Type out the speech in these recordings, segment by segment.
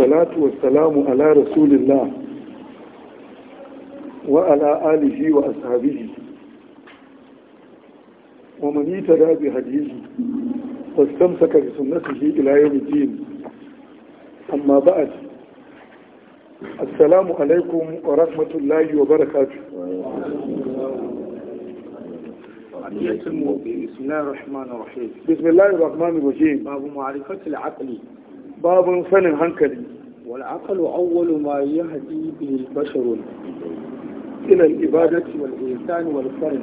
والصلاة والسلام على رسول الله وعلى آله وأصحابه ومن يتدى بهديه واستمسك بسنته إلى يوم الدين أما بعد السلام عليكم ورحمة الله وبركاته بسم الله الرحمن الرحيم بسم الله الرحمن الرحيم باب معرفة العقل باب سنن هنكلي والعقل أول ما يهدي به البشر إلى الإبادة والإنسان والفرد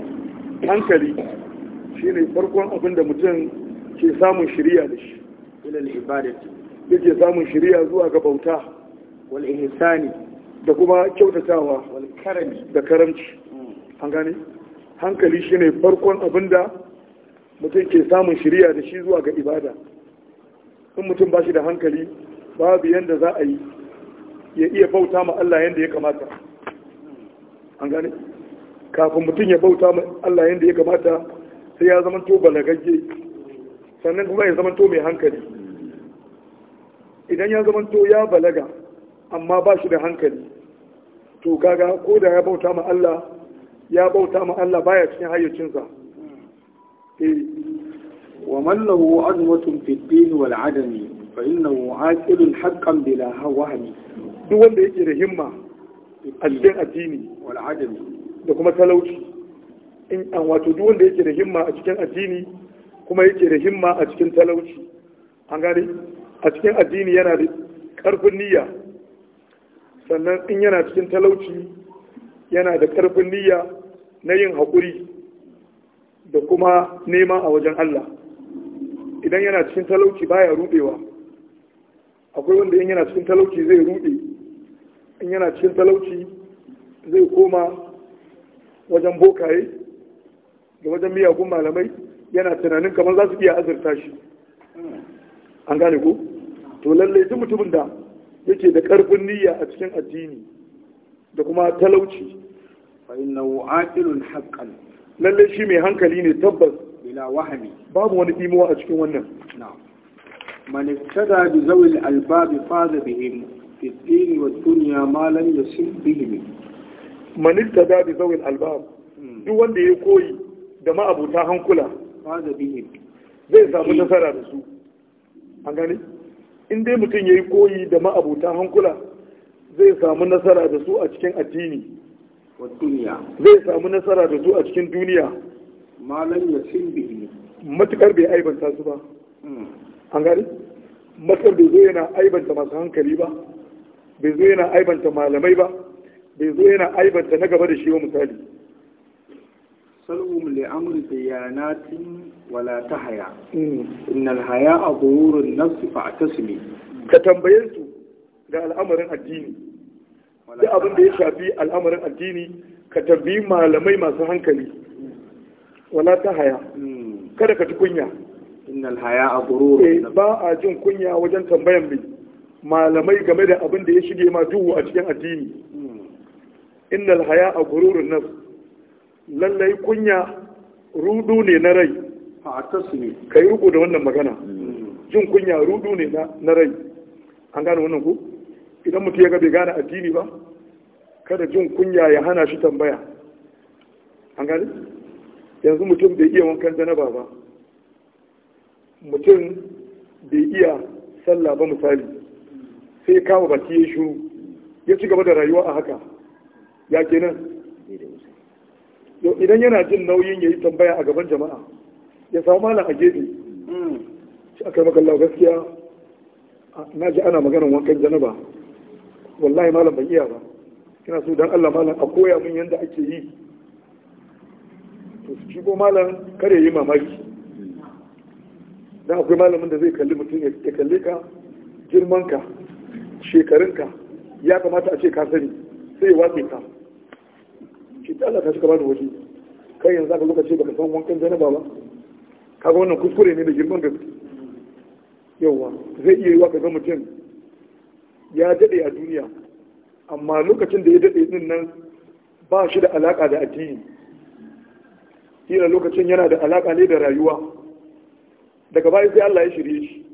hankali shi ne farkon abin da mutum ke samun shirya da shi ilal ibadati yake samun shirya zuwa ga bauta wal da kuma kyautatawa wal da karamci mm. hankali shi ne farkon abin da mutum ke samun shirya da shi zuwa ga ibada in mutum ba shi da hankali babu yadda za a yi ya iya bauta ma Allah yadda ya kamata an gane kafin mutum ya bauta ma Allah yadda ya kamata sai ya zama to balagagge sannan kuma ya zama to mai hankali idan ya zama to ya balaga amma ba shi da hankali to kaga ko da ya bauta ma Allah ya bauta ma Allah baya cikin hayyacinsa eh wa man lahu azmatun fid din wal adami fa innahu aqilun haqqan bila wahmi duk wanda yake da himma a cikin addini wal adami da kuma talauci in an wato duk wanda yake da himma a cikin addini kuma yake da himma a cikin talauci an gane a cikin addini yana da karfin niyya sannan in yana cikin talauci yana da karfin niyya na yin haƙuri da kuma nema a wajen Allah idan yana cikin talauci baya rubewa akwai wanda in yana cikin talauci zai rude in yana cikin talauci zai koma wajen bokaye da wajen miyagun malamai yana tunanin kamar za su iya azurta shi an gane ko to lallai duk mutumin da yake da karfin niyya a cikin addini da kuma talauci fa haqqan lallai shi mai hankali ne tabbas bila wahami babu wani imowa a cikin wannan na'am من ittada bi الألباب albab بهم في الدين والدنيا wa dunya يسل بهم من bihim man الألباب duk wanda ya koyi da ma'abuta hankula zai samu nasara da su an gani. in dai mutum ya yi koyi da ma'abuta hankula zai samu nasara da su a cikin addini zai samu nasara da su a cikin duniya malam ya bihi matukar bai aibanta su ba an gani matsar bai zo yana aibanta masu hankali ba bai zo yana aibanta malamai ba bai zo yana aibanta na gaba da shi ba misali salhum li amri tun wala ta tahaya hmm. innal haya'a dhururun nafsi fa'tasmi ka tambaye su ga al'amarin addini duk abin da ya shafi al'amarin addini ka tambayi malamai masu hankali wala ta haya. Hmm. kada ka tukunya innal haya'a eh, ba a jin kunya wajen tambayan mai malamai game da abin da ya shige ma duhu a cikin addini innal haya'a ghururun nan lallai kunya rudu ne na rai a tasmi kai ruku da wannan magana hmm. jin kunya rudu ne na rai an gane wannan ku idan mutum ya gabe bai gane addini ba kada jin kunya ya hana shi tambaya an gane yanzu mutum bai iya wankan janaba ba mutum bai iya sallah ba misali sai kama baki ya shu ya ci gaba da rayuwa a haka ya kenan idan yana jin nauyin ya yi tambaya a gaban jama'a ya samu malam a gefe shi aka maka Allah gaskiya na ji ana maganar wankan janaba wallahi malam ban iya ba ina so dan Allah malam a koya min yadda ake yi to shi ko malam kare yi mamaki da akwai malamin da zai kalli mutum ya kalli ka girmanka shekarunka ya kamata a ce ka sani sai ya watsa ka shi ta Allah ta shi kamar da waje kai yanzu aka lokaci da san wankan janaba ba ka ga wannan kuskure ne da girman gaske yauwa zai iya yi wa ka ga mutum ya daɗe a duniya amma lokacin da ya daɗe din nan ba shi da alaƙa da addini kila lokacin yana da alaƙa ne da rayuwa daga baya sai Allah ya shirye shi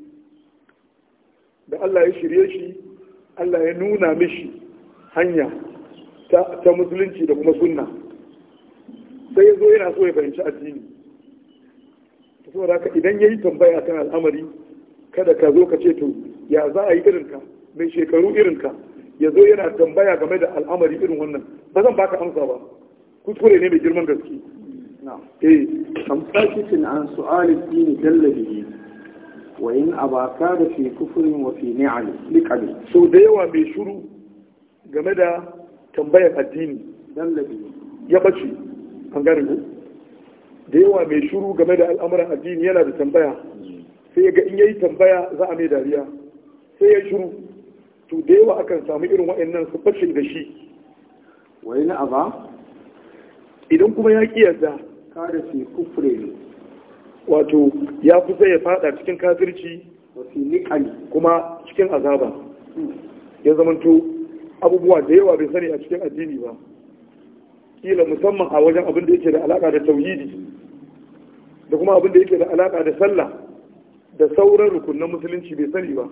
da Allah ya shirye shi Allah ya nuna mishi hanya ta musulunci da kuma sunna sai ya zo yana so ya fahimci addini Ta so da idan ya yi tambaya kan al'amari kada ka zo ka ce to ya za a yi irinka mai shekaru irinka ya zo yana tambaya game da al'amari irin wannan ba zan baka amsa ba kuskure ne mai girman gaske eh amsakitin an su'alin dini dalla bihi wa in abaka da fi kufurin wa fi ni'ali liqali so da yawa mai shuru game da tambayar addini dalla bihi ya bace an gane ko da yawa mai shuru game da al'amuran addini yana da tambaya sai ga in yayi tambaya za a mai dariya sai ya shuru to da yawa akan samu irin waɗannan su bace da shi wai na aba idan kuma ya ƙi yarda kare fi kufre wato ya kusa ya fada cikin kafirci kuma cikin azaba ya zamanto abubuwa da yawa bai sani a cikin addini ba kila musamman a wajen abin da yake da alaka da tauhidi da kuma abin da yake da alaka da sallah da sauran rukunan musulunci bai sani ba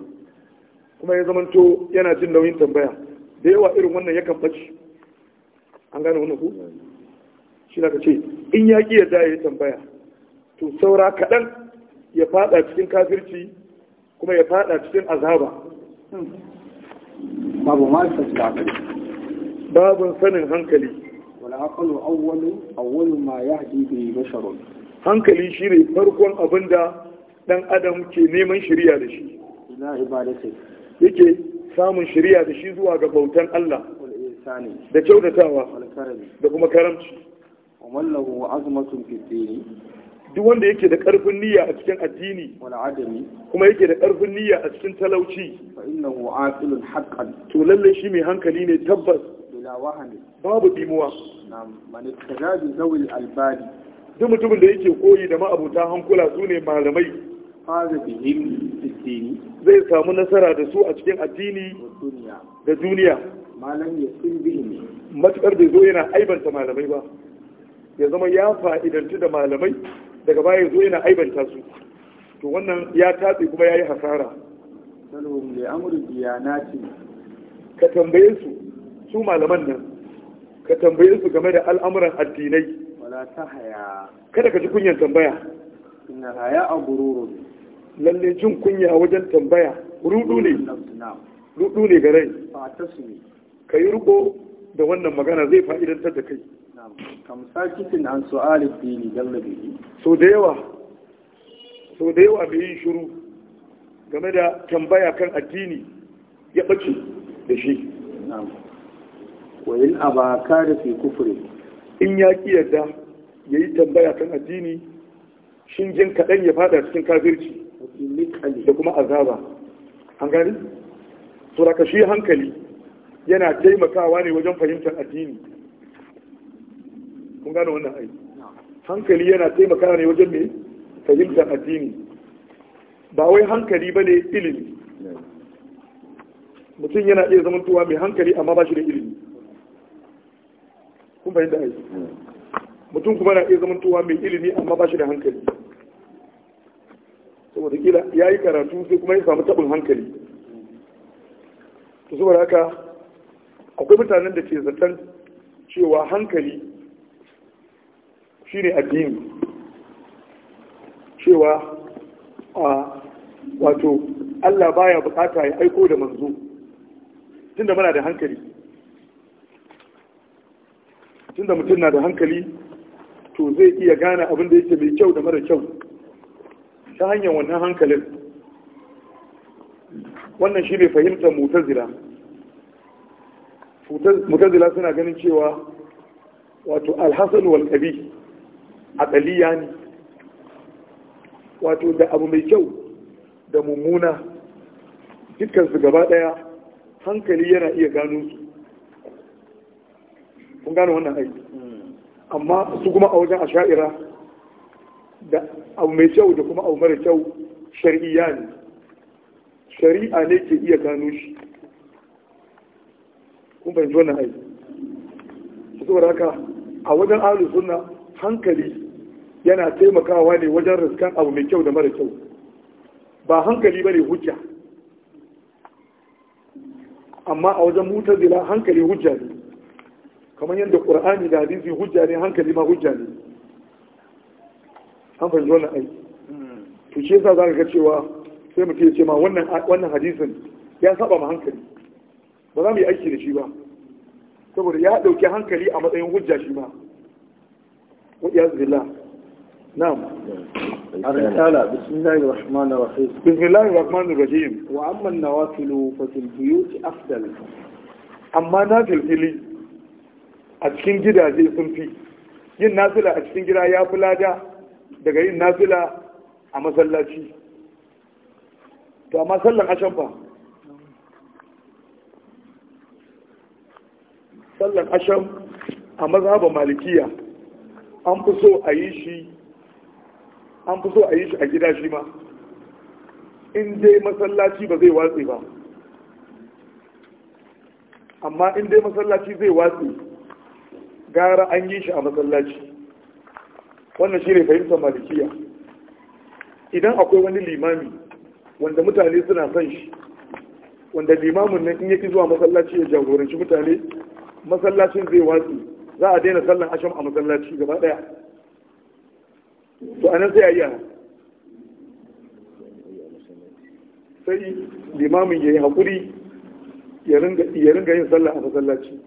kuma ya zamanto yana jin nauyin tambaya da yawa irin wannan yakan baci an gane wannan ku shi da ce in ya ƙi yadda ya tambaya to saura kaɗan ya faɗa cikin kafirci kuma ya faɗa cikin azaba babu ma babu sanin hankali wala aqalu awwalu awwalu ma yahdi bi basharun hankali shine farkon abinda dan adam ke neman shari'a da shi ila ibadati yake samun shari'a da shi zuwa ga bautan Allah da kyautatawa da kuma karamci ومن له عظمة في duk wanda yake da ƙarfin niyya a cikin addini kuma yake da ƙarfin niyya a cikin talauci to lalle shi mai hankali ne tabbas babu dimuwa duk mutumin da yake koyi da ma'abuta hankula su ne malamai zai samu nasara da su a cikin addini da duniya malam ya sun matuƙar bai zo yana aibanta malamai ba ya zama ya fa'idantu da malamai daga baya zo yana aibanta su to wannan ya tatse kuma ya yi hasara ka tambaye su su malaman nan ka tambaye su game da al'amuran addinai kada ka ji kunyan tambaya haya lalle jin kunya wajen tambaya rudu ne rudu ne ga rai ka yi riko da wannan magana zai fa'idantar da kai kamsakitin an su'ari dini gallabi so da yawa so da yawa bai yin shiru game da tambaya kan addini ya ɓace da shi wa in abaka da fi kufure in ya ki yadda ya yi tambaya kan addini shin jin kaɗan ya fada cikin kafirci da kuma azaba an gani? shi hankali yana taimakawa ne wajen fahimtar addini kun gane wannan ai hankali yana taimakawa ne wajen mai fahimtar addini ba wai hankali ba ne ilimi mutum yana iya tuwa mai hankali amma ba shi da ilimi kun fahimta ai mutum kuma na iya tuwa mai ilimi amma ba shi da hankali saboda kila ya yi karatu sai kuma ya samu taɓin hankali to saboda haka akwai mutanen da ke zaton cewa hankali shi ne addini cewa a wato Allah baya bukata ya aiko da manzo tunda muna da hankali tunda mutum na da hankali to zai iya gane abin da yake mai kyau da mara kyau ta hanyar wannan hankalin wannan shi ne fahimtar mutazila mutazila suna ganin cewa wato alhassan walƙabi aqaliya ne wato da abu mai kyau da mummuna dukkan su gaba daya hankali yana iya gano su kun gano wannan aiki amma su kuma a wajen asha'ira da abu mai kyau da kuma abu mara kyau shari'a ne shari'a ne ke iya gano shi kun fahimci wannan aiki su saboda haka a wajen alu hankali yana taimakawa ne wajen riskan abu mai kyau da mara kyau ba hankali ba ne hujja amma a wajen mutar zila hankali hujja ne kamar yadda ƙur'ani da hadisi hujja ne hankali ma hujja ne an fahimci wannan aiki to shi yasa za ka ga cewa sai mutum ya ce ma wannan hadisin ya saba ma hankali ba za mu yi aiki da shi ba saboda ya ɗauki hankali a matsayin hujja shi ma wa iyaz نعم الرسالة بسم الله الرحمن الرحيم بسم الله الرحمن الرحيم وأما النوافل ففي البيوت أفضل أما نافل إلي أتكين جدا زي سنفي yin nafila a cikin gida ya lada daga yin nafila a masallaci to amma sallan ashan fa sallan ashan a mazhaban malikiya an fi so a yi shi an fi so a yi shi a gida shi ma in dai masallaci ba zai watse ba amma in dai masallaci zai watse gara an yi shi a masallaci wannan shi ne fahimtar malikiya idan akwai wani limami wanda mutane suna son shi wanda limamin nan in yake zuwa masallaci ya jagoranci mutane masallacin zai watsi za a daina sallan asham a masallaci gaba daya to anan sai a yi ana sai limamin ya yi haƙuri ya ringa yin sallah a masallaci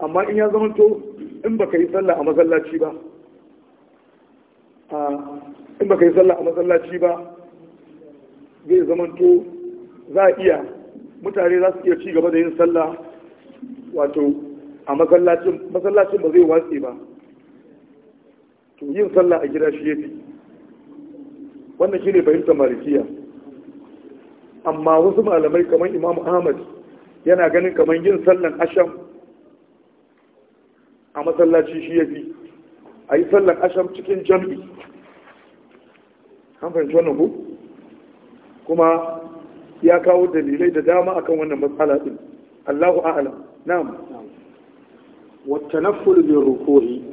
amma in ya zamanto in baka yi sallah a masallaci ba in baka yi sallah a masallaci ba zai zamanto za a iya mutane za su iya ci gaba da yin sallah wato a masallacin masallacin ba zai watse ba to yin sallah a gida shi yafi wannan shine fahimtar malikiya amma wasu malamai kamar imam ahmad yana ganin kamar yin sallan asham a masallaci shi yafi a yi sallan asham cikin jam'i an fahimci wannan ku kuma ya kawo dalilai da dama akan wannan matsala din Allahu a'lam na'am wa tanafful bi ruku'i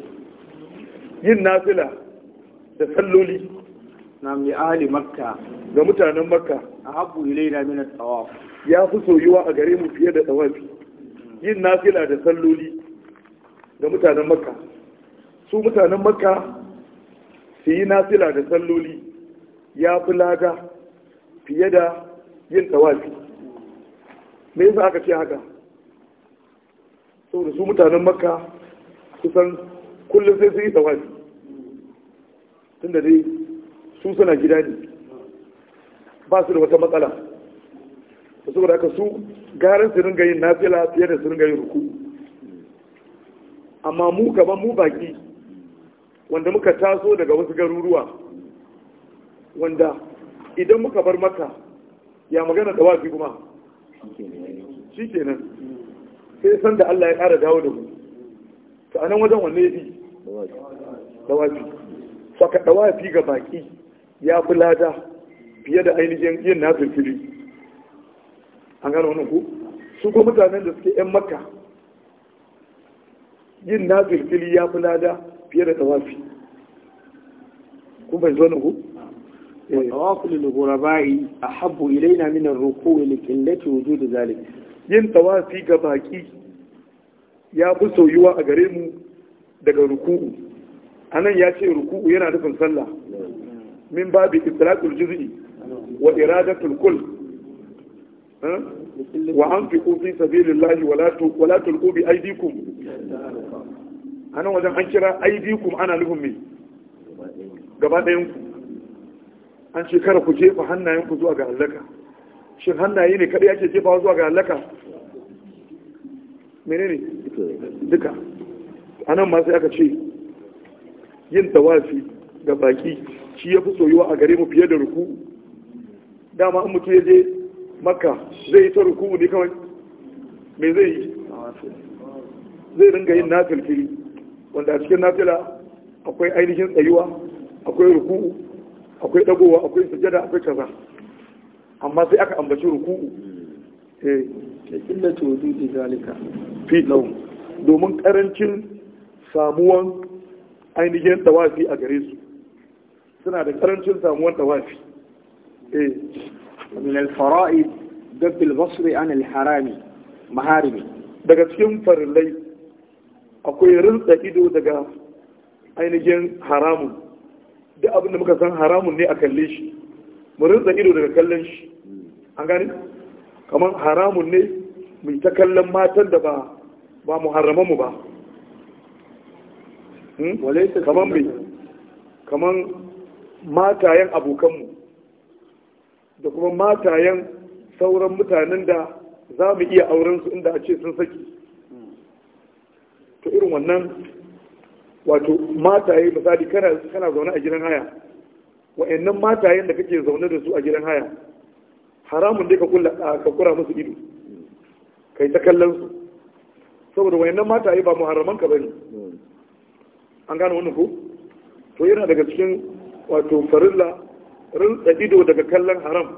yin nafila da salloli na mai ahali makka ga mutanen makka a haku ilaina min at ya fi soyuwa a gare mu fiye da tsawafi yin nafila da salloli ga mutanen makka su mutanen makka su yi nafila da salloli ya fi lada fiye da yin tsawafi me yasa aka ce haka saboda su mutanen makka kusan kullum sai su yi tun tunda dai su suna gida ne ba su da wata matsala da su haka su garin su ringa yin nafila fiye da su ringa yin ruku amma mu kamar mu baki wanda muka taso daga wasu garuruwa wanda idan muka bar maka ya magana da wafi kuma shi kenan sai san Allah ya ƙara dawo da mu ta anan wajen wanne ya fi dawafi saka dawafi ga baki ya fi lada fiye da ainihin yin na firfiri an gano wani ku su ko mutanen da suke yan makka yin na firfiri ya fi lada fiye da dawafi kuma zo na ku والطواف ilaina أحب إلينا من الركوع لقلة وجود ذلك yin tawafi ga baki ya fi soyuwa a gare mu daga ruku'u anan ya ce ruku'u yana nufin sallah min babu itlaqul juz'i wa iradatul kull wa anfiqu fi sabilillahi wa la tulqu bi aydikum anan wajen an kira aydikum ana nufin me gaba ɗayan ku an ce kar ku jefa hannayen ku zuwa ga halaka shin hannaye ne kada yake jefa zuwa ga halaka menene duka a nan ma sai aka ce yin tawafi ga baki shi ya fi soyuwa a gare mu fiye da ruku dama an mutu ya je maka zai yi ta ruku ne kawai me zai yi zai ringa yin nafil fili wanda a cikin nafila akwai ainihin tsayuwa akwai ruku akwai dagowa akwai sujada akwai kaza amma sai aka ambaci ruku eh illa tawdu zalika fi domin karancin samuwan ainihin tawafi a gare su suna da karancin samuwan tawafi eh min al-fara'id dabb al-basr an al-harami maharimi daga cikin farillai akwai rinsa ido daga ainihin haramun da abin da muka san haramun ne a kalle shi mu rinsa ido daga kallon shi an gani kamar haramun ne mu ta kallon matan da ba ba mu mu ba Hmm? Kaman mai kaman matayen abokanmu da kuma matayen sauran mutanen da za mu iya aurensu inda a ce sun saki to irin wannan wato mataye misali kana zaune a gidan haya wa'annan matayen da kake zaune da su a gidan haya haramun dai ka kura musu ido kai ta kallon su saboda wa'annan mataye ba muharraman ka bane an gane wannan ko to yana daga cikin wato farilla rinsa ido daga kallon haram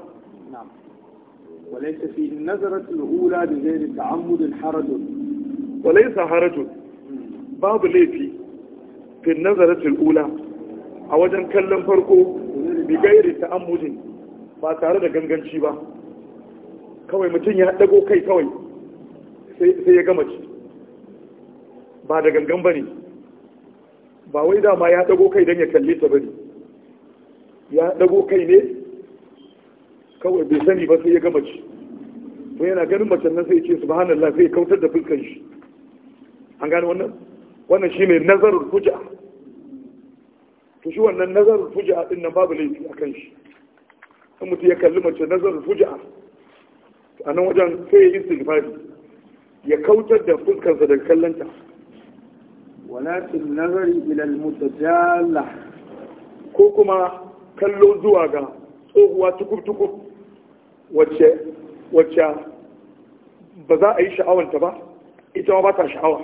وليس في النظرة الأولى بغير تعمد حرج وليس حرج باب ليفي في النظرة الأولى أوجن كلم فرقه بغير تعمد ba tare da ganganci ba kawai mutum ya dago kai kawai sai ya gama ci ba da gangan ba ne ba wai dama ya dago kai don ya kalli ta bane ya dago kai ne kawai bai sani ba sai ya gama ci to yana ganin macen nan sai ce subhanallah sai kautar da fuskar shi an gane wannan wannan shine nazarul fuja to shi wannan nazarul fuja din nan babu laifi a kan shi in mutum ya kalli mace nazarul fuja a nan wajen sai ya istighfari ya kautar da fuskarsa daga kallonta walakin nazari ilal mutajalla ko kuma kallo zuwa ga tsohuwa tukutuku? wacce wacce ba za a yi sha'awanta ba ita ma ba ta sha'awa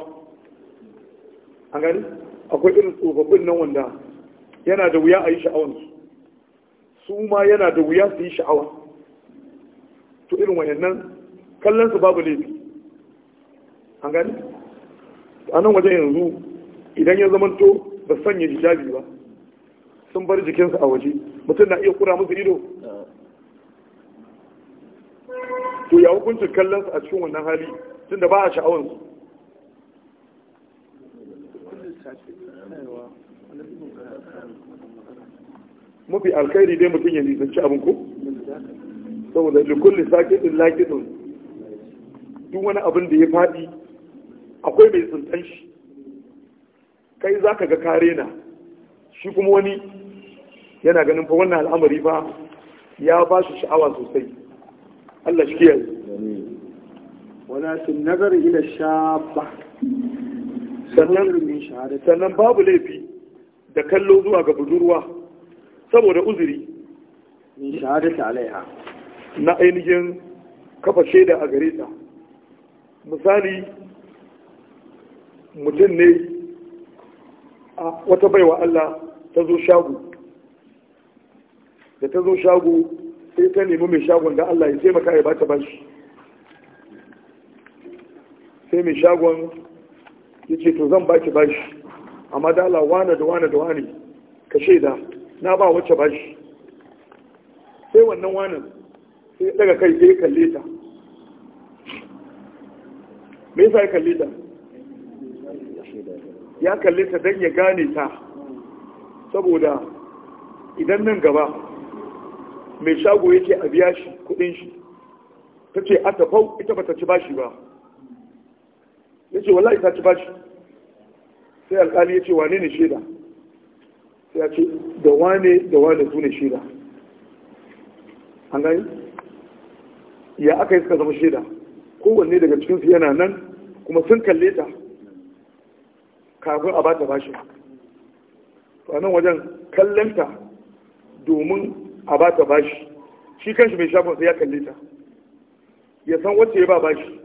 a gani akwai irin tsofaffin nan wanda yana da wuya a yi sha'awansu su ma yana da wuya su yi sha'awa to irin wayannan kallon su babu laifi an gani a nan wajen yanzu idan ya zamanto ba sanya hijabi ba sun bar jikinsu a waje mutum na iya kura musu ido to ya hukuncin kallon su a cikin wannan hali tun da ba a sha'awar su mafi alkhairi dai mutum ya nisanci abin ko saboda sake din lakitin duk wani abin da ya faɗi akwai mai tsuntan shi kai za ka ga kare na shi kuma wani yana ganin fa wannan al'amari fa ya ba shi sha'awa sosai Allah shi kiyaye walakin nazar ila shabba sannan sannan babu laifi da kallo zuwa ga budurwa saboda uzuri min shahadata alaiha na ainihin kafa shaida a gare ta misali mutum ne wata baiwa Allah ta zo shagu da ta zo shago sai ta nemi mai shagon da Allah ya taimaka ya bata bashi sai mai shagon ya ce to zan baki bashi amma da Allah wane da wane da wane ka shaida na ba wacce bashi sai wannan wanan sai daga kai sai kalle ta me yasa ya kalle ta ya kalli ta don ya gane ta saboda idan nan gaba mai shago yake a biya shi kudin shi ta ce a tafau ita ba ta ci bashi ba ya ce wallahi ta ci bashi sai alkali ya ce wane ne shaida sai ya ce da wane da wane su ne shaida an gani ya aka yi suka zama shaida kowanne daga cikinsu yana nan kuma sun kalle ta kafin a bata bashi to wajen kallanta domin a bata bashi shi kanshi mai shafin sai ya kalle ta ya san wacce ya ba bashi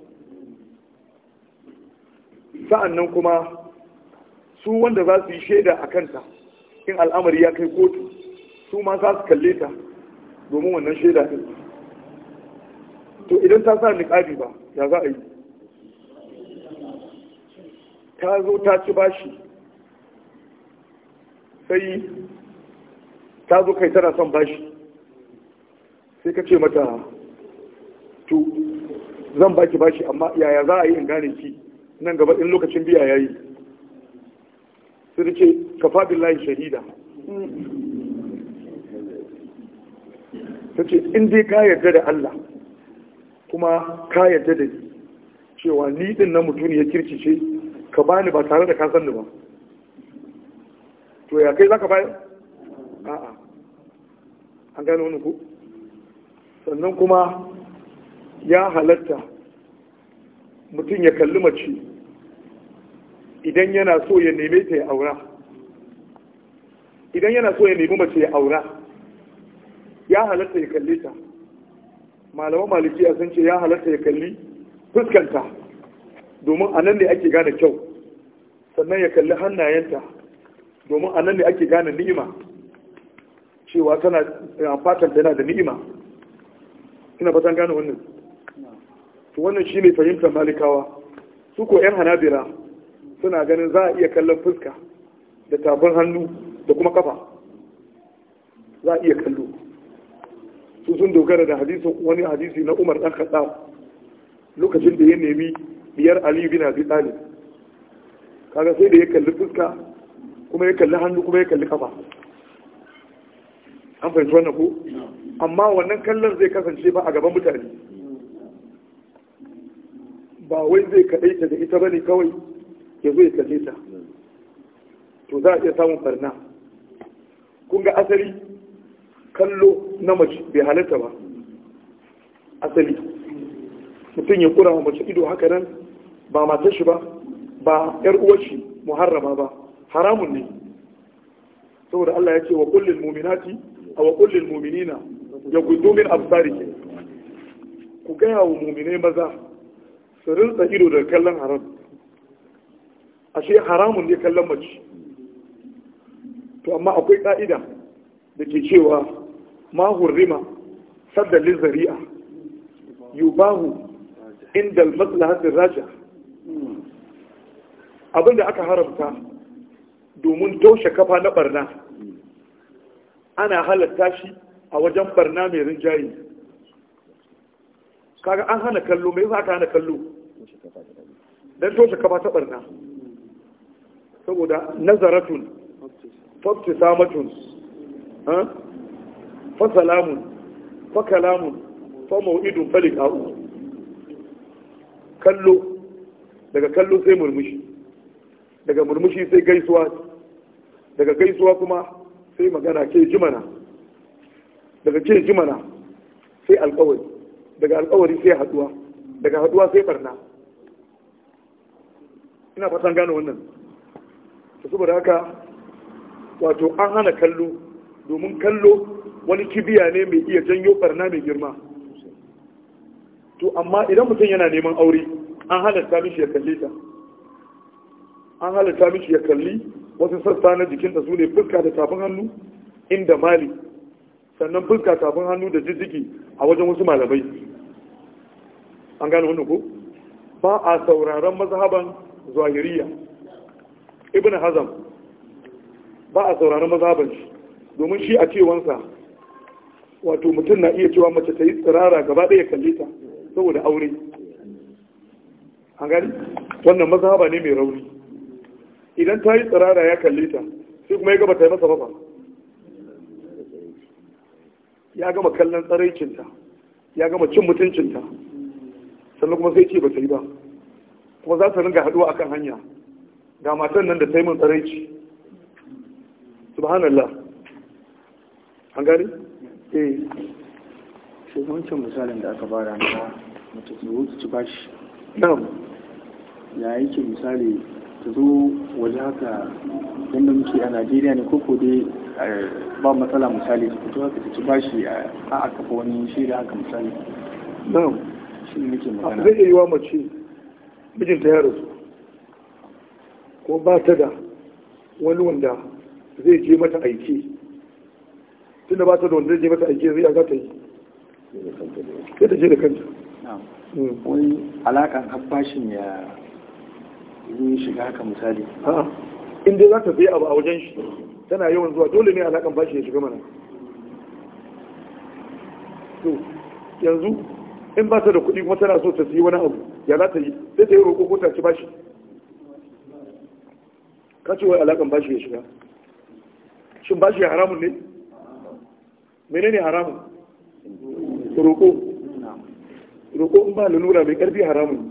sa'annan kuma su wanda za su yi shaida a kanta in al'amari ya kai kotu su ma za su kalle ta domin wannan shaida ɗin to idan ta sa niƙabi ba ya za a yi ta zo ta ci bashi sai ta zo kai tana son bashi sai ka ce mata to zan baki bashi amma yaya za a yi in gane ki nan gaba in lokacin biya yayi sai ta ce ka faɗin layin shahida ta ce in dai ka yarda da Allah kuma ka yarda da ni cewa ni din na mutum ya kirkice ka bani ba tare da ka san ni ba to ya kai za ka bayar a'a an gane wani ku sannan kuma ya halatta mutum ya kalli mace idan yana so ya neme ta ya aura idan yana so ya nemi mace ya aura ya halatta ya kalli ta malaman malikiya sun ce ya halatta ya kalli fuskanta domin a nan ne ake gane kyau sannan ya kalli hannayenta domin a nan ne ake gane ni'ima cewa tana eh, fatan tana da ni'ima ina fatan gane wannan to wannan shi ne fahimtar malikawa su ko yan hanabira suna ganin za a iya kallon fuska da tafin hannu da kuma kafa za a iya kallo su sun dogara da wani hadisi na Umar dan Khattab lokacin da ya nemi biyar aliyu bin abi talib kaga sai da ya kalli fuska kuma ya kalli hannu kuma ya kalli kafa an fahimci wannan ko amma wannan kallon zai kasance ba a gaban mutane ba wai zai kaɗai ta da ita bane kawai ya zo ya kalle ta to za a iya samun farna kun ga asali kallo na mace bai halatta ba asali mutum ya kura wa mace ido haka nan ba matar shi ba ba yar uwar shi muharrama ba haramun ne saboda Allah ya ce wa kullil mu'minati wa kullil mu'minina yaghuddu min absarihim ku gaya wa muminai maza su rinsa ido da kallon haram ashe haramun ne kallon mace to amma akwai ka'ida da ke cewa ma hurrima sadda lizari'a yubahu indal al-maslahatir rajah abin da aka haramta domin toshe kafa na barna ana halatta shi a wajen barna mai rinjaye kaga an hana kallo mai yasa aka hana kallo dan toshe kafa ta barna saboda nazaratun samatun, fa salamun fa kalamun fa mau'idun fa liqa'u kallo daga kallo sai murmushi daga murmushi sai gaisuwa daga gaisuwa kuma sai magana ke jimana daga ke jimana sai alkawari daga alkawari sai haduwa daga haduwa sai barna ina fatan gano wannan ta saboda haka wato an hana kallo domin kallo wani kibiya ne mai iya janyo barna mai girma to amma idan mutum yana neman aure an halatta mishi ya ta an halatta mishi ya kalli wasu sassa na jikinta su ne fuska da tafin hannu inda mali sannan fuska tafin hannu da jijjiki a wajen wasu malamai an gane wani ko ba a sauraron mazhaban zahiriya ibn hazam ba a sauraron mazhaban shi domin shi a cewansa wato mutum na iya cewa mace ta yi tsirara gaba ɗaya kalle ta saboda aure an gani wannan mazhaba ne mai rauni idan ta yi tsirara ya kalle ta sai kuma ya gaba ta yi masa ba ya gama kallon tsaraicinta ya gama cin mutuncinta sannan kuma sai ce ba ta yi ba kuma za ta ringa haduwa akan hanya ga matan nan da ta yi min tsaraici subhanallah an gani eh shi wancan misalin da aka bara na mutu ci bashi na'am ya yake misali ta zo waje haka yadda muke a najeriya ne koko dai eh, ba matsala misali ta fito haka ta ci bashi a aka fa wani shaida haka misali na'am shi ne muke magana zai iya wa mace mijinta ya rasu ko ba ta da wani wanda zai je mata aiki tunda ba ta da wanda zai je mata aiki zai za ta yi sai ta je da kanta hmm. wani alakan abbashin ya zai shiga haka misali in dai za ta sai abu a wajen shi tana yawan zuwa dole ne alaƙan bashi ya shiga mana to yanzu in ba ta da kuɗi kuma tana so ta siyi wani abu ya za ta yi sai ta yi roƙo ko ta ci bashi ka ce wai alaƙan bashi ya shiga shin bashi haramun ne menene haramun roƙo roƙo in ba lalura mai ƙarfi haramun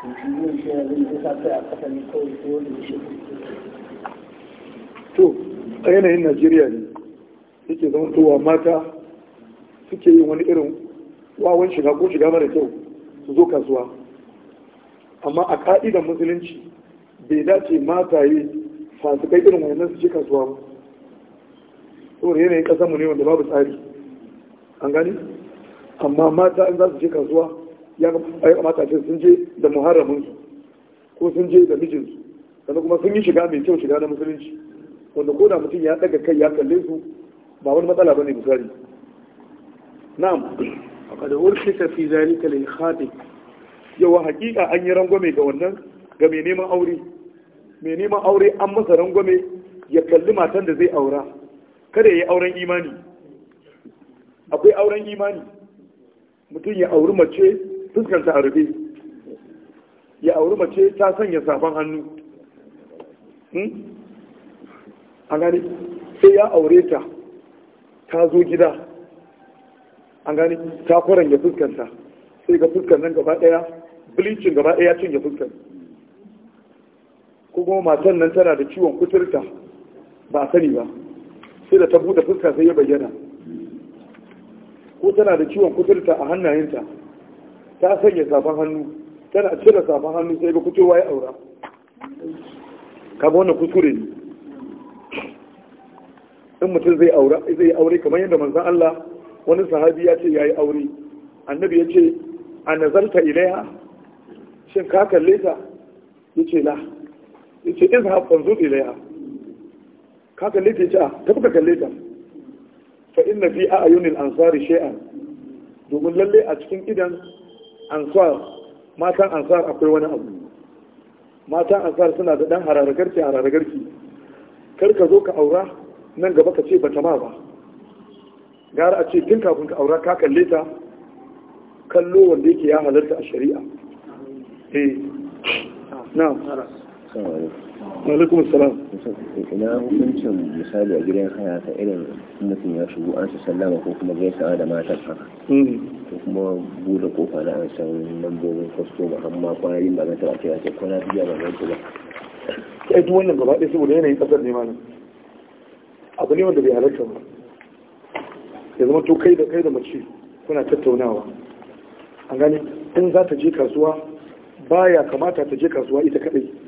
to a yanayin najeriya ne yake zama towa mata suke yin wani irin wawan shiga ko shiga mara kyau su zo kasuwa amma a ka'idan musulunci bai dace mata yi fasu kai irin wani su je kasuwa ba saboda yanayin kasanmu ne wanda babu tsari an gani amma mata in za su je kasuwa ya kamata ce sun je da muharraminsu ko sun je da mijinsu sannan kuma sun yi shiga mai kyau shiga na musulunci wanda ko da mutum ya daga kai ya kalle su ba wani matsala ba ne misali na'am faqad urkhisa fi zalika lil khatib yawa hakika an yi rangwame ga wannan ga mai neman aure mai neman aure an masa rangwame ya kalli matan da zai aura kada ya yi auren imani akwai auren imani mutum ya auri mace fuskanta a rufe ya auri mace ta sanya safan hannu hmm? A gani sai ya aure ta ta zo gida A gani ta kwaran ya fuskanta sai ga fuskar nan gaba daya bleaching gaba daya cinye fuskan kuma matan nan tana da ciwon kuturta ba a sani ba sai da ta buɗe fuska sai ya bayyana ko tana da ciwon kuturta a hannayenta ta sanya safan hannu tana cire safan hannu sai ba kuturwa ya aura kamar wani kuskure ne in mutum zai aura zai aure kamar yadda manzan Allah wani sahabi ya ce ya yi aure annabi ya ce a nazarta ilaiha shin ka kalle ta ce la ce in ha fanzu ilaiha ka kalle ta ce a ah, tafi ka kalle ta fa na fi ayunin ansari shi'an domin lalle a cikin idan ansar matan ansar akwai wani abu matan ansar suna da dan hararagarki hararagarki kar ka zo ka aura nan gaba ka ce ba ta ma ba gara a ce tun kafin ka aura ka kalle ta kallo wanda yake ya halarta a shari'a eh na'am alaikum salam ina hukuncin misali a gidan haya ta irin mutum ya shigo an sallama ko kuma gaisawa da matar haka hmm. ko kuma bude kofa na an san lambobin kwastoma amma kwanarin ba zan taba kira ce ko na biya ba zan ba kai duk wannan gaba ɗaya saboda yanayin ƙasar ne malam abu ne wanda bai halarta ba ya zama to kai da kai da mace kuna tattaunawa an gani in za ta je kasuwa baya kamata ta je kasuwa ita kadai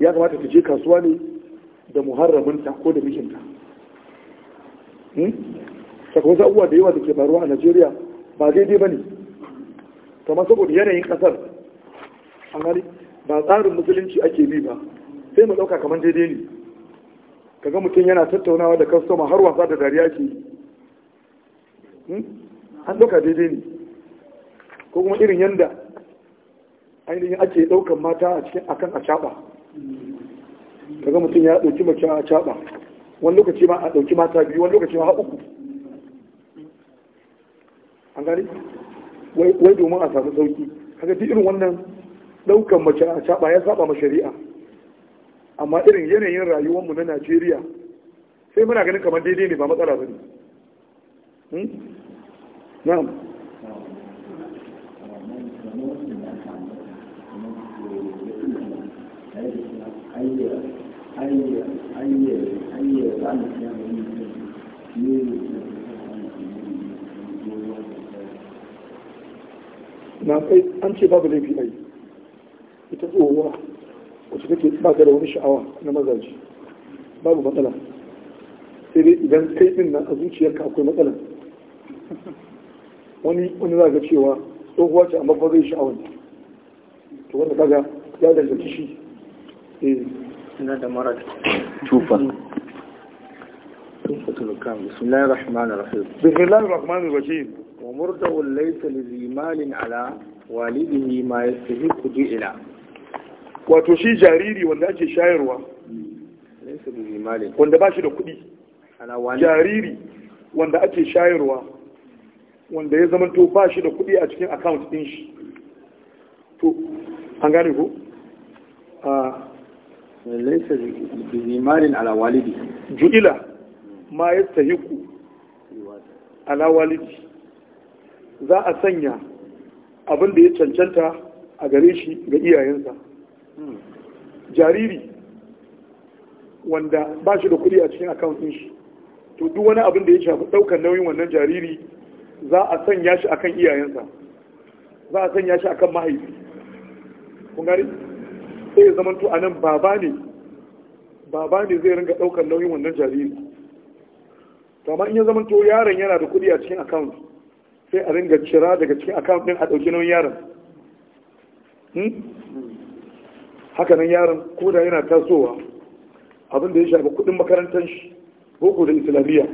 ya kamata ta je kasuwa ne da muharraminta ko da mijinta hmm? wasu abubuwa da yawa da ke faruwa a najeriya ba daidai ba ne kamar saboda yanayin kasar an gani ba tsarin musulunci ake bi ba sai mu ɗauka kamar daidai ne kaga mutum yana tattaunawa da kastoma har wasa da dariya ke hmm? an ɗauka daidai ne ko kuma irin yanda ainihin ake ɗaukan mata a cikin akan a kaga mutum ya ɗauki mace a caɓa wani lokaci ma a ɗauki mata biyu wani lokaci ma a uku an gani wai domin a samu sauki kaga duk irin wannan ɗaukan mace a caɓa ya saba ma shari'a amma irin yanayin rayuwarmu na najeriya sai muna ganin kamar daidai ne ba matsala ba ne hmm? na'am na kai an ce babu laifi ai ita tsohuwa wacce take ba ta da wani sha'awa na mazaji babu matsala sai dai idan kai din nan a zuciyarka akwai matsala wani wani za ga cewa tsohuwa ce amma ba zai sha'awa ne to wanda kaga ya danganci shi eh ina da mara tufan بسم الله الرحمن الرحيم بسم الله الرحمن الرحيم ومرضع ليس لذي مال على والده ما يستحق جئلا wato shi jariri wanda ake shayarwa wanda ba shi da kuɗi jariri wanda ake shayarwa wanda ya zama ba shi da kuɗi a cikin account ɗin shi to an gane ko ala walidi ju'ila ma yastahiqu ala walidi za a sanya abin da ya cancanta a gare shi ga iyayensa jariri wanda ba shi da kuɗi a cikin akawunin shi to duk wani abin da ya shafi ɗaukar nauyin wannan jariri za a sanya shi akan iyayensa za a sanya shi akan mahaifi kun sai ya zamanto a nan baba ne baba ne zai ringa ɗaukar nauyin wannan jariri to amma in ya zamanto yaron yana da kuɗi a cikin account sai a ringa cira daga cikin account ɗin a dauki nauyin yaron hmm? haka nan yaron ko yana tasowa abin da ya shafi kuɗin makarantar shi boko da islamiyya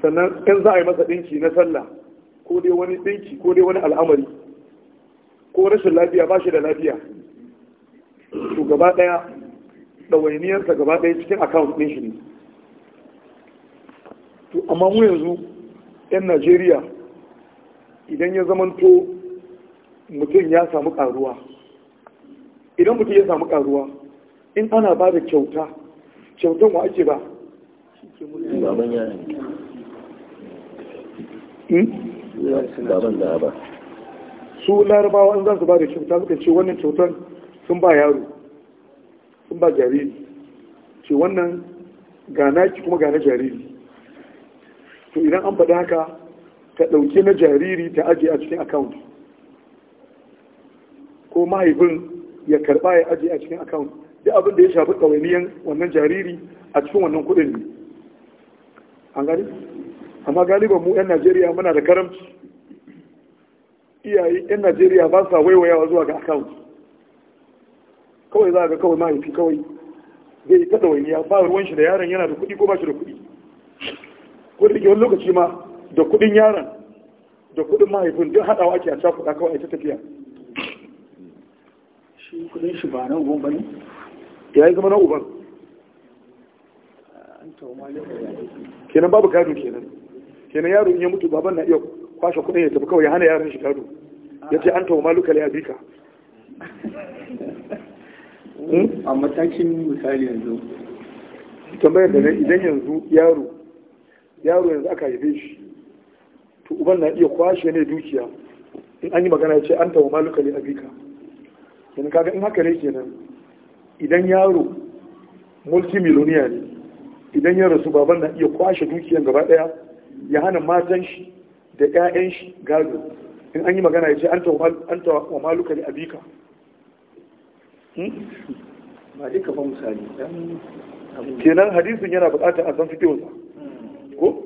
sannan in za a yi masa ɗinki na sallah ko dai wani ɗinki ko dai wani al'amari ko rashin lafiya ba shi da lafiya to gaba daya ɗawainiyarsa gaba daya cikin account ɗin shi ne to amma mu yanzu 'yan najeriya idan ya zamanto mutum ya samu ƙaruwa idan mutum ya samu ƙaruwa in ana ba da kyauta kyautan wa ake ba hmm? su larabawa an za su ba da kyauta suka ce wannan kyautan sun ba yaro sun ba jariri ce wannan gana ki kuma gana jariri to idan an faɗi haka ta ɗauki na jariri ta ajiye a cikin account ko mahaifin ya karɓa ya ajiye a cikin account duk abin da ya shafi ɗawainiyan wannan jariri a cikin wannan kuɗin ne an gani amma galiban mu 'yan najeriya muna da karamci iyaye 'yan najeriya ba sa waiwayawa zuwa ga account kawai za a ga kawai mahaifi kawai zai ta wani ba ruwan shi da yaron yana da kuɗi ko ba shi da kuɗi ko da wani lokaci ma da kuɗin yaron da kuɗin mahaifin duk haɗawa ake a cakuɗa kawai a ta tafiya shi kuɗin shi ba nan uban ne ya yi zama na uban kenan babu gado kenan kenan yaro in ya mutu baban na iya kwashe kuɗin ya tafi kawai ya hana yaron shi gado ya ce an tawo maluka ya bi ka Hmm? a matakin misali yanzu tambayar da idan yanzu yaro yaro yanzu aka haife shi to uban na iya kwashe ne dukiya in an yi magana ya ce an tawo maluka ne abika yana kaga in haka ne kenan idan yaro mulki miloniya ne idan ya rasu baban na iya kwashe dukiyan gaba daya ya hana matan shi da 'ya'yan shi gado in an yi magana ya ce an tawo maluka ne abika Hmm? ba duka ba misali kenan hadisin yana bukatar a san ba hmm. ko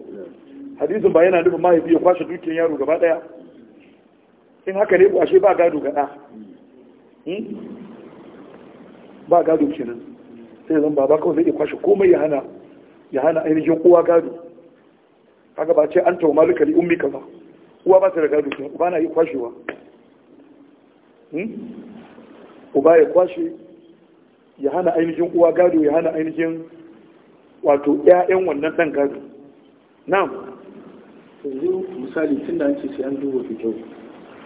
hadisin ba yana nufin mahaifi ya kwashe dukiyar yaro gaba daya in haka ne kwashe ba gado ga hmm? ba gado kenan sai zan ba kawai zai kwashe komai ya hana ya hana ainihin uwa gado haka ba ce an tawo malika li ummi kaza uwa ba ta da gado kenan ba na yi kwashewa uba ya kwashe ya hana ainihin uwa gado ya hana ainihin wato 'ya'yan wannan ɗan gado na'am yanzu misali tun da an ce sai an duba fi kyau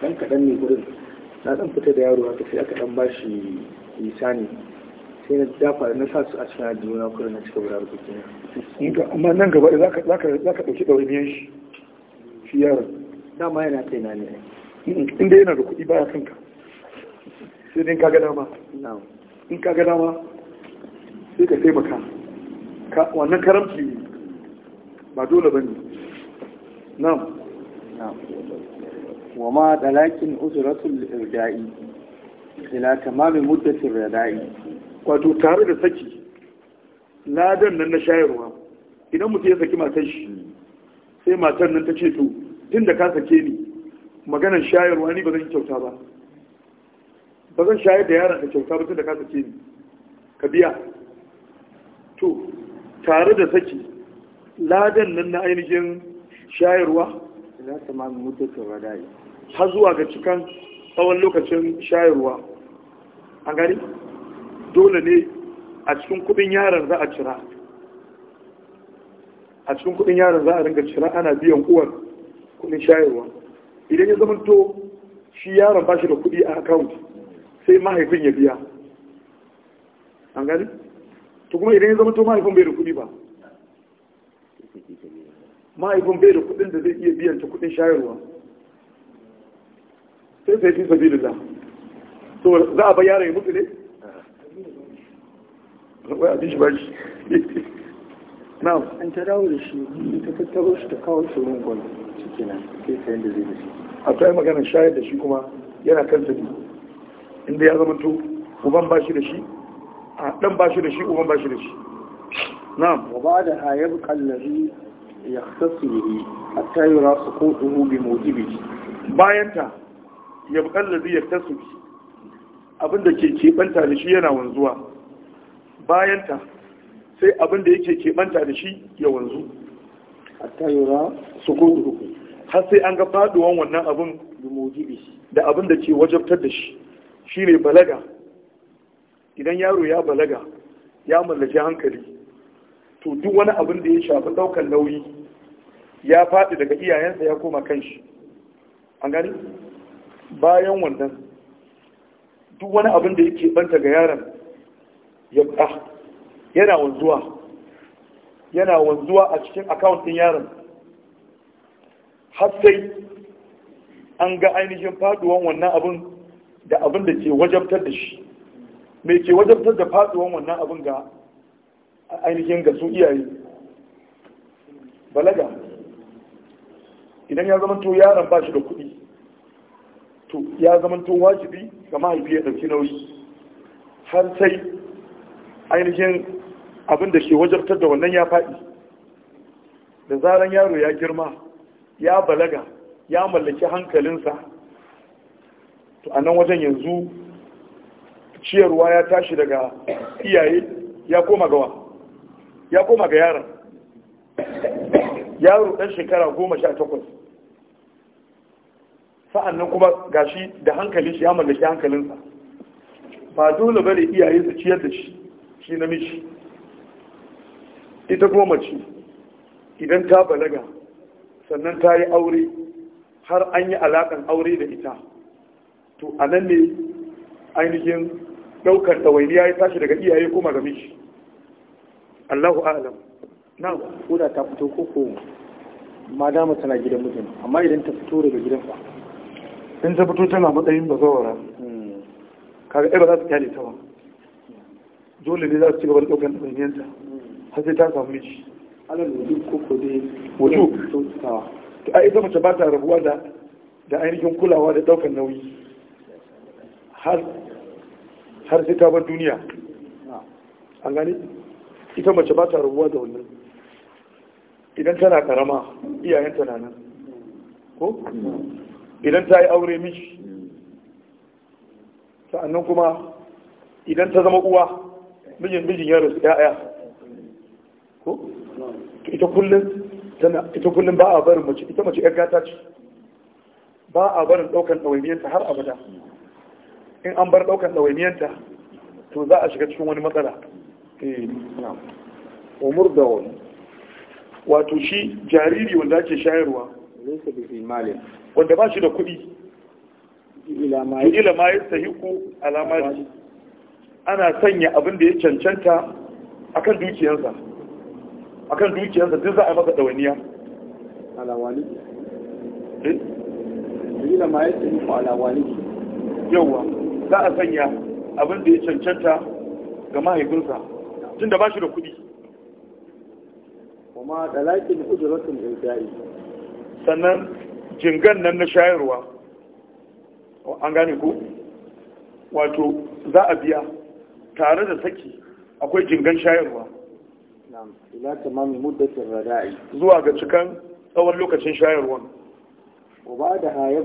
Dan kaɗan ne gudun na ɗan fita da yaro haka sai aka dan ba shi ne. sai na dafa na sa su a cikin ajiyo na kurin na cika guda rubutu na amma nan gaba za ka ɗauki ɗawainiyar shi shi yaron dama yana kai na ne inda yana da kuɗi baya kanka sai in ka ga dama in ka ga dama sai ka taimaka wannan karamci ne ba dole ba ne na'am wa ma dalakin uzratul irda'i ila tamami muddatir rada'i wato tare da saki ladan nan na shayarwa idan mutum ya saki matan shi sai matan nan ta ce to tun da ka sake ni maganar shayarwa ni ba zan kyauta ba ba zan shayar da yaran da kyauta ba tun da kasa ce ni ka biya to tare da saki ladan nan na ainihin shayarwa za ta ma mutu radayi har zuwa ga cikan tsawon lokacin shayarwa an gari dole ne a cikin kudin yaron za a cira a cikin kudin yaron za a ringa cira ana biyan uwar kudin shayarwa idan ya zama to shi yaron ba shi da kudi a account sai mahaifin ya biya an gani to kuma idan ya zama to mahaifin bai da kudi ba mahaifin bai da kudin da zai iya biyan ta kudin shayarwa sai sai fi sabilillah to za a bar yaron ya mutu ne wai abin shi ba shi na'am an ta dawo da shi ta tattaro shi ta kawo shi rungon cikin sai sayan da zai da shi a ta yi magana shayar da shi kuma yana kan tafi inda ya zama to uban bashi da shi a dan bashi da shi uban bashi da shi na'am wa ba da ha yabqa allazi yahtasu bihi hatta yura suqutuhu bi mujibihi bayan ta yabqa allazi yahtasu bihi abinda ke ke'banta da shi yana wanzuwa bayan ta sai abinda yake ke'banta da shi ya wanzu hatta yura suqutuhu har sai an ga faduwan wannan abin da abin da ke wajabtar da shi Shi shine balaga idan yaro ya balaga ya mallaki hankali to duk wani abin da ya shafi ɗaukar nauyi ya faɗi daga iyayensa ya koma kanshi an gani bayan wannan duk wani abin da yake banta ga yaron ya ba yana wanzuwa yana wanzuwa a cikin akawuntin yaron har sai an ga ainihin faduwan wannan abin da abin da ke wajabtar da shi mai ke wajabtar da faduwan wannan abin ga ainihin ga su iyaye balaga idan ya zamanto yaron ba shi da kuɗi to ya zamanto wajibi ga mahaifi ya ɗauki nauyi har sai ainihin abin da ke wajabtar da wannan ya faɗi da zaran yaro ya girma ya balaga ya mallaki hankalinsa to a nan wajen yanzu ciyarwa ya tashi daga iyaye ya koma gawa ya koma ga yaron yaro ɗan shekara goma sha takwas sa'an nan kuma gashi da hankali shi ya mallaki hankalinsa ba dole ba ne iyaye su ciyar da shi shi namiji ita kuma mace idan ta balaga sannan ta yi aure har an yi alaƙan aure da ita to a nan ne ainihin daukar ɗawainiya ya yi tashi daga iyaye kuma ga mishi Allahu alam na ko da ta fito koko ma dama tana gidan mutum. amma idan ta fito daga gidan ba in ta fito tana matsayin bazawara hmm. kaga ai ba za su kyale ta ba dole ne za su ci gaba da ɗaukar ɗawainiyanta har sai ta samu miji alal koko ne ko dai wujub to ta ita mace ba ta rabuwa da da ainihin kulawa da ɗaukar nauyi har sai ta bar duniya an gani ita mace ba ta rabuwa da wannan idan tana karama iyayenta na nan ko idan ta yi aure mishi sa'annan kuma idan ta zama uwa mijin mijin ya rasu ya'ya ko ita kullum tana ita kullum ba a barin mace ita mace yar gata ce ba a barin daukan ɗawainiyarta har abada in an bar daukar ɗawainiyanta to za a shiga cikin wani matsala eh, umur da wani wato shi jariri wanda ake shayarwa wanda ba shi da kuɗi ila ma ya sahiku alamari ana sanya abin da ya cancanta akan dukiyarsa akan dukiyarsa duk za a masa ɗawainiya alawali eh? ila ma ya sahiku alawali yawwa za a sanya abin da ya cancanta ga mahaifinsa tun da ba shi da kuɗi kuma da laƙin ujuratun dari. sannan jingan nan na shayarwa an gane ko wato za a biya tare da saki akwai jingan shayarwa ila tamamin muddatin rada'i zuwa ga cikan tsawon lokacin shayarwan wa ba da ha ya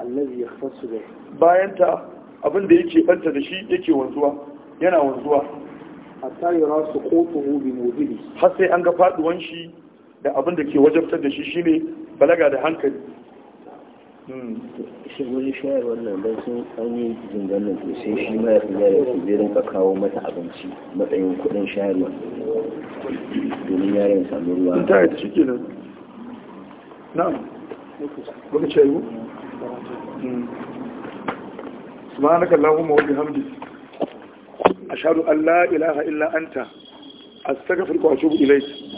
allazi ya fasu bayan ta Abinda yake banta da shi yake wanzuwa yana wanzuwa A yara su kotuhu bi mudili har sai an ga faduwan shi da abin da ke wajabtar da shi shi ne balaga da hankali hmm. shi wani shayar wannan don sun an yi zinganin to sai shi ma ya fi yara su zai rinka kawo mata abinci matsayin kudin shayarwa domin yaron samu ruwa ta yi ciki da na'am lokaci ayu subhanaka na wa bihamdika ashhadu an la ilaha illa anta astaghfiruka wa atubu ilayk